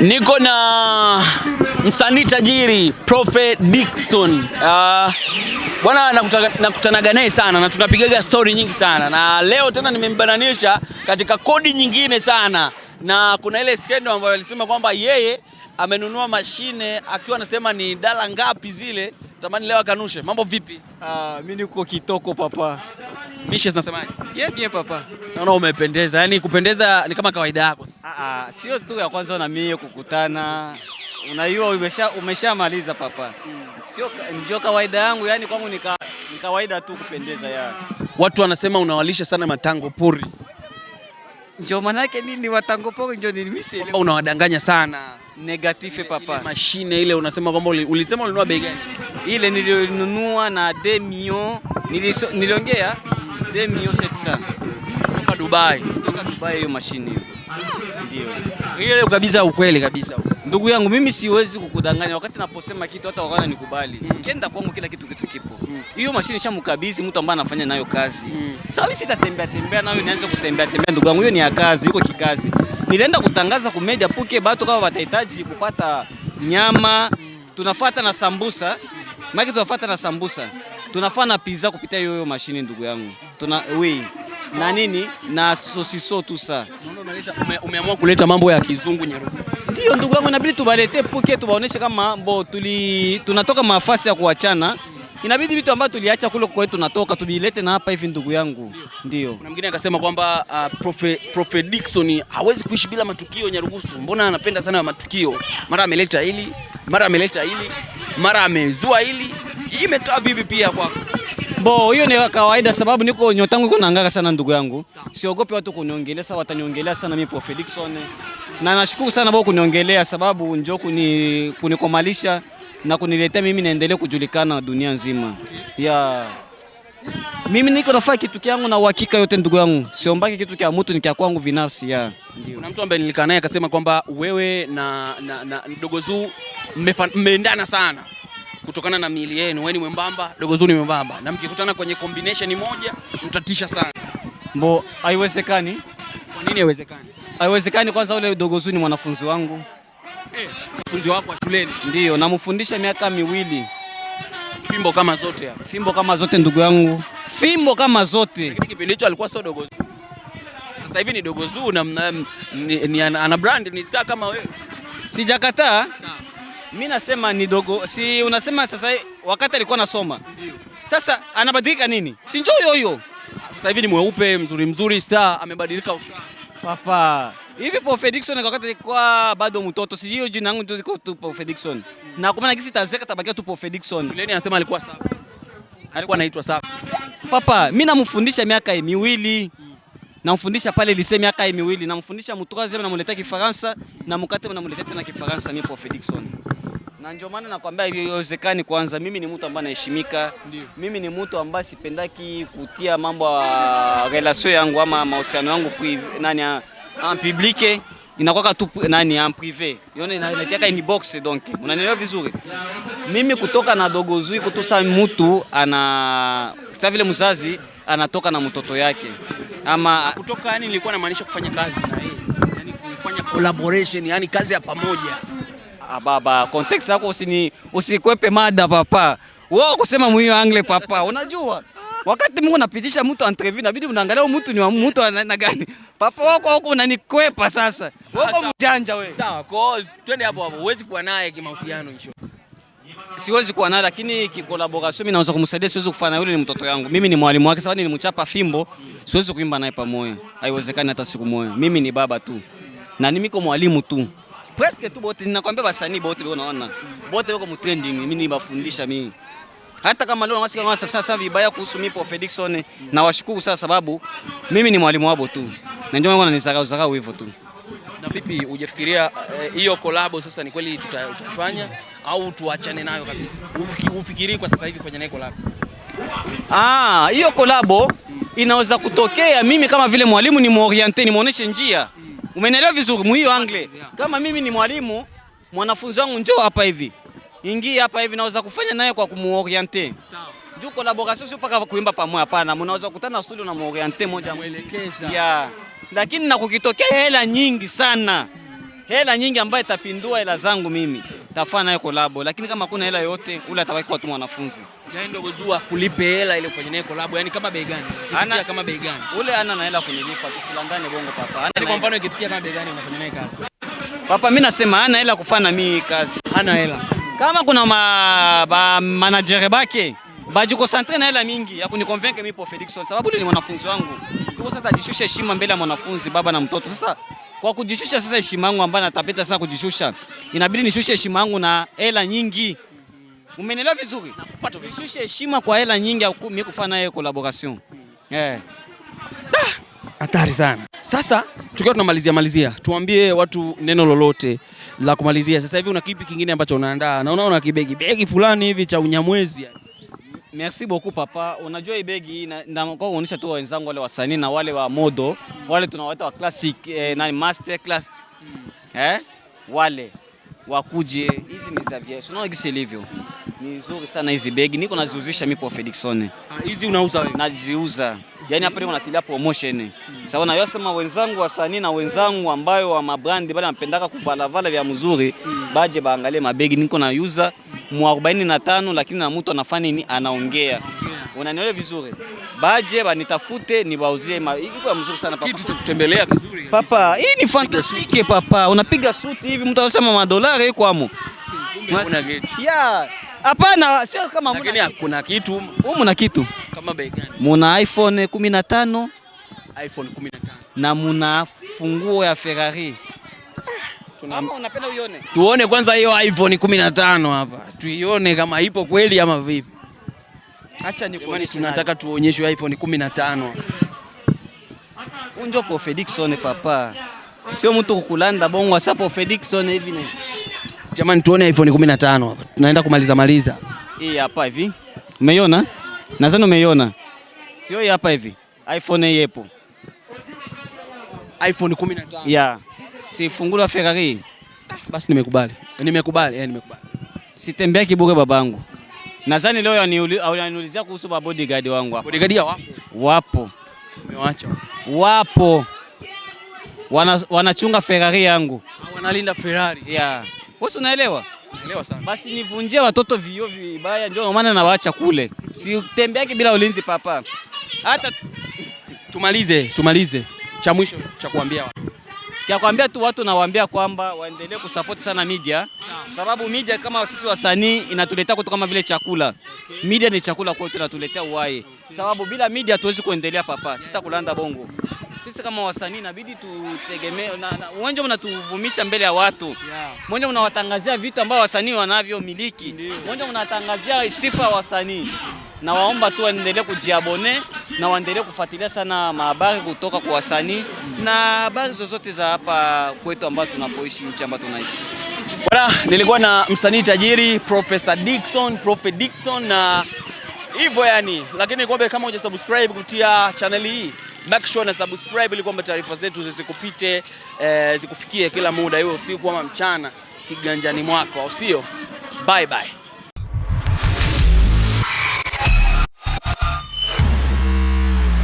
Niko na msanii tajiri Prophet Dickson. Uh, bwana nakutanaga naye sana na tunapigaga story nyingi sana, na leo tena nimembananisha katika kodi nyingine sana, na kuna ile skendo ambayo alisema kwamba yeye amenunua mashine akiwa anasema ni dala ngapi zile Tamani leo akanushe. Mambo vipi? Ah, mimi niko kitoko papa. Mishe zinasemaje? Yeah, bien papa. Naona umependeza. Yaani kupendeza ni kama kawaida yako sasa. Ah, ah, sio tu ya kwanza na mimi kukutana. Unaiwa umesha umeshamaliza papa. Mm. Sio ndio kawaida yangu, yani kwangu ni kawaida tu kupendeza ya. Watu wanasema unawalisha sana matango pori. Ndio maana yake nini matango pori ndio ni mimi Unawadanganya sana. Negative papa. Ile mashine ile unasema kwamba ulisema ulinua bei gani? ile nilionunua na 2 million niliongea 2 million 700 kutoka Dubai, kutoka Dubai hiyo mashine hiyo. Ndio. Ile kabisa ukweli kabisa. Ndugu yangu mimi siwezi kukudanganya wakati naposema kitu hata wakana nikubali. Mm. Ukienda kwangu kila kitu kitu kipo. Mm. Hiyo mm. mashine shamkabidhi mtu ambaye anafanya nayo kazi. Mm. Sasa mimi sitatembea tembea nayo nianze kutembea tembea ndugu yangu hiyo ni ya kazi, yuko kikazi. Nilienda kutangaza kumedia puke batu kama watahitaji kupata nyama, mm. tunafuata na sambusa. Maki tunafuata na sambusa. Tunafana pizza kupitia hiyo mashini ndugu yangu. Tuna we na nini na sosiso tu sa. Umeamua kuleta mambo ya kizungu Nyarugusu. Ndio ndugu yangu, inabidi tubalete puke tubaoneshe kama mambo tuli tunatoka mafasi ya kuachana. Inabidi vitu ambavyo tuliacha kule kwetu tunatoka tubilete na hapa hivi ndugu yangu. Ndio. Kuna mwingine akasema kwamba uh, profe, profe Dickson hawezi kuishi bila matukio Nyarugusu. Mbona anapenda sana matukio? Mara ameleta hili, mara ameleta hili mara amezua hili, imetoa vipi pia kwako? Bo, hiyo ni kawaida, sababu niko nyota yangu iko nangaka sana ndugu yangu, siogopi watu kuniongelea, sawa wataniongelea sana mimi Prof Dickson, na nashukuru sana bo kuniongelea, sababu njoo kuni kunikomalisha na kuniletea mimi naendelea kujulikana dunia nzima Ya. Mimi niko nafaa kitu kyangu na uhakika yote ndugu yangu, siombaki kitu kya mtu, ni kya kwangu binafsi. ya. Kuna mtu ambaye nilikaa naye akasema kwamba wewe na, na, na, na Dogo Zuu mmeendana sana kutokana na miili yenu, wewe ni mwembamba, Dogo Zuri mwembamba, na mkikutana kwenye combination moja mtatisha sana. Mbo, haiwezekani. Kwa nini haiwezekani? Haiwezekani kwanza, ule Dogo Zuri ni mwanafunzi wangu. Eh, mwanafunzi wako wa shuleni? Ndio, namfundisha miaka miwili. Fimbo kama zote hapa. Fimbo kama zote ndugu yangu. Fimbo kama zote. Lakini kipindi hicho alikuwa sio Dogo Zuri. Sasa hivi ni Dogo Zuri na ana brand ni star kama wewe. Sijakataa. Sawa. Mimi nasema ni dogo. Si unasema sasa wakati alikuwa anasoma. Sasa anabadilika nini? Si njoo hiyo hiyo. Sasa hivi ni mweupe mzuri mzuri star amebadilika ustar. Papa. Hivi Paul Fredrickson wakati alikuwa bado mtoto, si hiyo jina langu ndio tu Paul Fredrickson. Na kwa maana gisi tazeka tabakia tu Paul Fredrickson. Shuleni anasema alikuwa safi. Alikuwa anaitwa safi. Papa, mimi namfundisha miaka miwili. hmm namfundisha pale lise miaka miwili, namfundisha mutwazeme, namletea Kifaransa na mkate namletea tena Kifaransa mimi Prof Dickson. Na ndio maana nakwambia haiwezekani. Kwanza mimi ni mtu ambaye naheshimika, mimi ni mtu ambaye sipendaki kutia mambo ya relation yangu ama mahusiano yangu nani en public inakuwa tu nani en privé, yone inaleta ni box donc, unanielewa vizuri. Mimi kutoka na dogo zui kutusa mtu ana sasa vile mzazi anatoka na mtoto yake ama kutoka, yani nilikuwa namaanisha kufanya kazi na yeye, yani kufanya collaboration, yani kazi ya pamoja. Ah, baba, context yako usini usikwepe mada papa. Wewe kusema mwiyo angle papa. Unajua wakati Mungu napitisha mtu entrevue inabidi unaangalia mtu ni wa mtu na gani. Papa wako huko unanikwepa sasa. Wewe ah, mjanja wewe. Sawa, kwa hiyo twende hapo hapo. Huwezi kuwa naye kimahusiano hicho siwezi kuwa naye, lakini kikolaborasio mimi naweza kumsaidia. Siwezi kufanya yule, ni mtoto yangu mimi, ni mwalimu wake, sababu nilimchapa fimbo. Siwezi kuimba naye pamoja, haiwezekani hata siku moja. Mimi ni baba tu na mimi niko mwalimu tu Presque tu bote ninakwambia, wasanii bote leo naona bote wako mtrending, mimi nibafundisha mimi. Hata kama leo nawasikia kama sasa sasa vibaya kuhusu mimi Prof Dickson, na washukuru sana sababu mimi ni mwalimu wao tu, na ndio maana nanisaka usaka hivyo tu. Na vipi, hujafikiria eh, hiyo collab sasa ni kweli tutafanya? tuta, au tuachane nayo kabisa? Ufikiri kwa sasa hivi kwenye neko lako Ah, hiyo kolabo inaweza kutokea. Mimi kama vile mwalimu ni muoriente, ni muoneshe njia. Umenelewa vizuri mu hiyo angle. Kama mimi ni mwalimu, mwanafunzi wangu njoo hapa hivi, ingia hapa hivi, naweza kufanya naye kwa kumuoriente. Sawa. Juu collaboration sio paka kuimba pamoja, hapana. Mnaweza kukutana studio na muoriente moja mwelekeza. Yeah. Lakini na kukitokea hela nyingi sana, hela nyingi ambayo itapindua hela zangu mimi tafanya naye kolabo, lakini kama hakuna hela yote ule atabaki kwa tu mwanafunzi. Yaani ndio zua kulipe hela ile kufanya naye kolabo, yani kama bei gani? Ana kama bei gani? Ule ana na hela kunilipa, tusilandane bongo papa. Ana yaani kwa mfano ikifikia kama bei gani unafanya naye kazi? Papa mimi nasema ana hela kufanya mimi kazi. Ana hela. Kama kuna ma, ba, manager bake bajikosantre na hela mingi ya kunikonvenke mimi po Felixson, sababu ule ni mwanafunzi wangu. Kwa sababu atajishusha heshima mbele ya mwanafunzi baba na mtoto. Sasa kwa kujishusha sasa heshima yangu ambayo natapeta sasa kujishusha, inabidi nishushe heshima yangu na hela nyingi. Umenielewa vizuri? Nakupata vizuri. Nishushe heshima kwa hela nyingi au mimi kufanya naye collaboration. Eh. Yeah. Ah, hatari sana. Sasa tukiwa tunamalizia malizia, tuambie watu neno lolote la kumalizia. Sasa hivi una kipi kingine ambacho unaandaa? Na unaona kibegi begi fulani hivi cha unyamwezi Merci beaucoup papa. Unajua ibegi na, na, kwa kuonyesha tu wenzangu wale wasanii na wale wa modo wale tunawata wa classic eh, nani master class mm. eh, wale wakuje, hizi ni za vyesu, unaona gisi ilivyo ni nzuri sana hizi begi, niko naziuzisha mimi kwa Fredikson. Ah, hizi unauza wewe? Naziuza. Hmm. yani, hapa leo natilia promotion. Mm. Sawa na yosema wenzangu wasanii na wenzangu ambayo wa mabrandi bali napendaka kuvalavala vya mzuri, mm. baje baangalie mabegi niko nauza mu 45 lakini na mtu anafanya nini anaongea. Hmm. Unanielewa vizuri, baje banitafute niwauzie iko mzuri sana papa. Kitu cha kutembelea kizuri papa, hii ni fantastic papa. Unapiga suti hivi, mtu anasema madolari iko hapo, kuna kitu ya hapana, sio kama lakini kuna kitu huko, mna kitu kama bei gani? Muna iPhone 15 iPhone 15 na muna funguo ya Ferrari. Ama unapenda uione, tuone kwanza hiyo iPhone 15 hapa, tuione kama ipo kweli ama vipi. Acha nikuonyeshe. Tunataka tuonyeshwe iPhone 15. kwa Fedixon papa. Sio mtu kukulanda bongo sapo Fedixon hivi na Jamani tuone iPhone 15 hapa. Tunaenda kumaliza maliza. Hii hapa hivi. Umeiona? Nadhani umeiona. Sio hii hapa hivi. iPhone hii hapo. iPhone 15. Yeah. Si fungula Ferrari. Basi nimekubali. Nimekubali, yeah, nimekubali. Sitembea kibure babangu. Nadhani leo unaniulizia kuhusu bodyguard wangu hapa. Bodyguard wapo? Wapo. Umewaacha? Wapo. Wana, wanachunga Ferrari yangu. Ah, wanalinda Ferrari. Yeah. Wewe unaelewa? Naelewa sana. Basi nivunjie watoto vio vibaya ndio maana nawaacha kule. si Sitembeaki bila ulinzi papa. Hata tumalize, tumalize. Cha mwisho cha kuambia kwambia tu watu nawaambia kwamba waendelee kusupport sana media, sababu media kama sisi wasanii inatuletea kitu kama vile chakula. Media ni chakula kwetu, inatuletea uhai, sababu bila media hatuwezi kuendelea. Papa sitakulanda bongo sisi kama wasanii inabidi tutegemee na, na, mnatuvumisha mbele ya watu uwanja Mnawatangazia vitu ambavyo wasanii wanavyomiliki uwanja mnatangazia sifa ya wasanii na waomba tu waendelee kujiabone na waendelee kufuatilia sana mahabari kutoka kwa wasanii mm. na habari zozote za hapa kwetu ambao tunapoishi nchi ambayo tunaishi. Bwana, nilikuwa na msanii tajiri Profesa Dickson, Prof Dickson na hivyo yani, lakini kwamba kama uja subscribe kupitia channel hii make sure na subscribe ili kwamba taarifa zetu zisikupite, eh, zikufikie kila muda, iwe usiku ama mchana, kiganjani mwako, au sio? Bye bye.